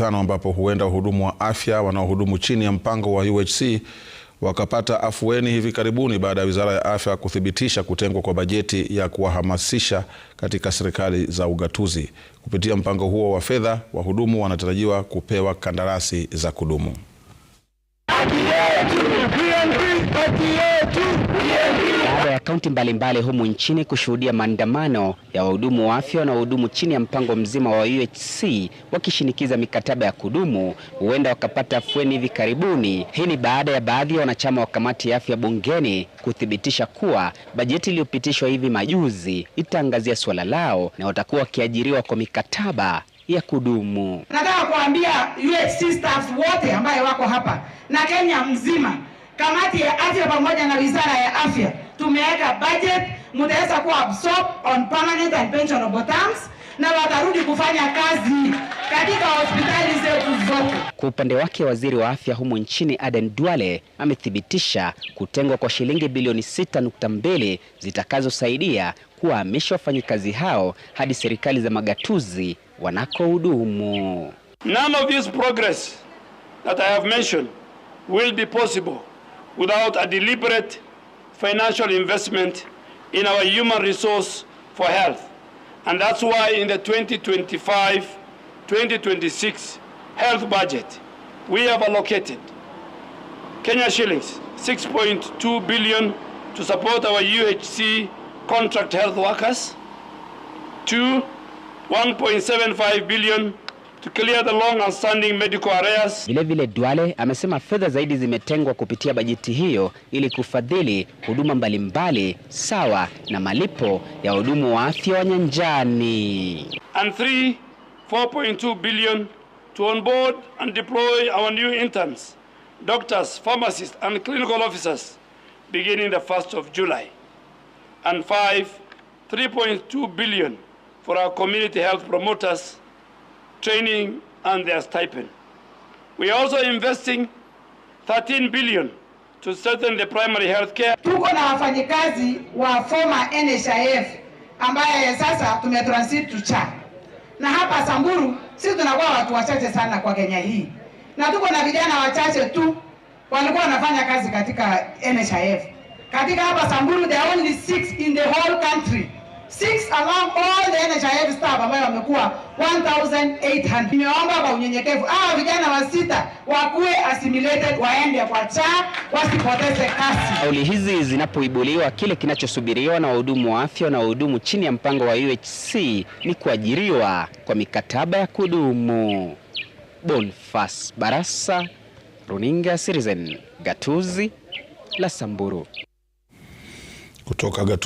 Jumatano ambapo huenda wahudumu wa afya wanaohudumu chini ya mpango wa UHC wakapata afueni hivi karibuni baada ya Wizara ya Afya kuthibitisha kutengwa kwa bajeti ya kuwahamasisha katika serikali za ugatuzi. Kupitia mpango huo wa fedha, wahudumu wanatarajiwa kupewa kandarasi za kudumu baada ya kaunti mbalimbali humu nchini kushuhudia maandamano ya wahudumu wa afya na wahudumu chini ya mpango mzima wa UHC wakishinikiza mikataba ya kudumu huenda wakapata afueni hivi karibuni. Hii ni baada ya baadhi ya wanachama wa kamati ya afya bungeni kuthibitisha kuwa bajeti iliyopitishwa hivi majuzi itaangazia suala lao na watakuwa wakiajiriwa kwa mikataba ya kudumu. Nataka kuambia yule sisters wote ambaye wako hapa na Kenya mzima, kamati ya afya pamoja na wizara ya afya tumeweka budget, mtaweza kuwa absorb on permanent and pensionable terms, na watarudi kufanya kazi. Kwa upande wake, waziri wa afya humo nchini Aden Duale amethibitisha kutengwa kwa shilingi bilioni 6.2 zitakazosaidia kuwahamisha wafanyikazi hao hadi serikali za magatuzi wanakohudumu. None of this progress that I have mentioned will be possible without a deliberate financial investment in our human resource for health. And that's why in the 2025, 2026 health budget, we have allocated Kenya shillings 6.2 billion to support our UHC contract health workers. Two, 1.75 billion to clear the long and standing medical arrears. Vile vile Duale amesema fedha zaidi zimetengwa kupitia bajeti hiyo ili kufadhili huduma mbalimbali sawa na malipo ya wahudumu wa afya wa nyanjani. And three, 4.2 billion to onboard and deploy our new interns, doctors, pharmacists, and clinical officers beginning the 1st of July. And five, 3.2 billion for our community health promoters, training, and their stipend. We are also investing 13 billion to strengthen the primary health care. Tuko na wafanyikazi wa former NHIF ambaye sasa tumetransit to CHA. Na hapa Samburu sisi tunakuwa watu wachache sana kwa Kenya hii, na tuko na vijana wachache tu walikuwa wanafanya kazi katika NHIF. Katika hapa Samburu, there are only six in the whole country six along all the NHIF staff ambayo wamekuwa 1800. Nimeomba kwa unyenyekevu hawa vijana wa sita wakuwe assimilated, waende kwa cha wasipoteze kasi. Kauli hizi zinapoibuliwa, kile kinachosubiriwa na wahudumu wa afya na wahudumu chini ya mpango wa UHC ni kuajiriwa kwa mikataba ya kudumu. Bonfas Barasa, Runinga Citizen, Gatuzi la Samburu kutoka Gatuzi.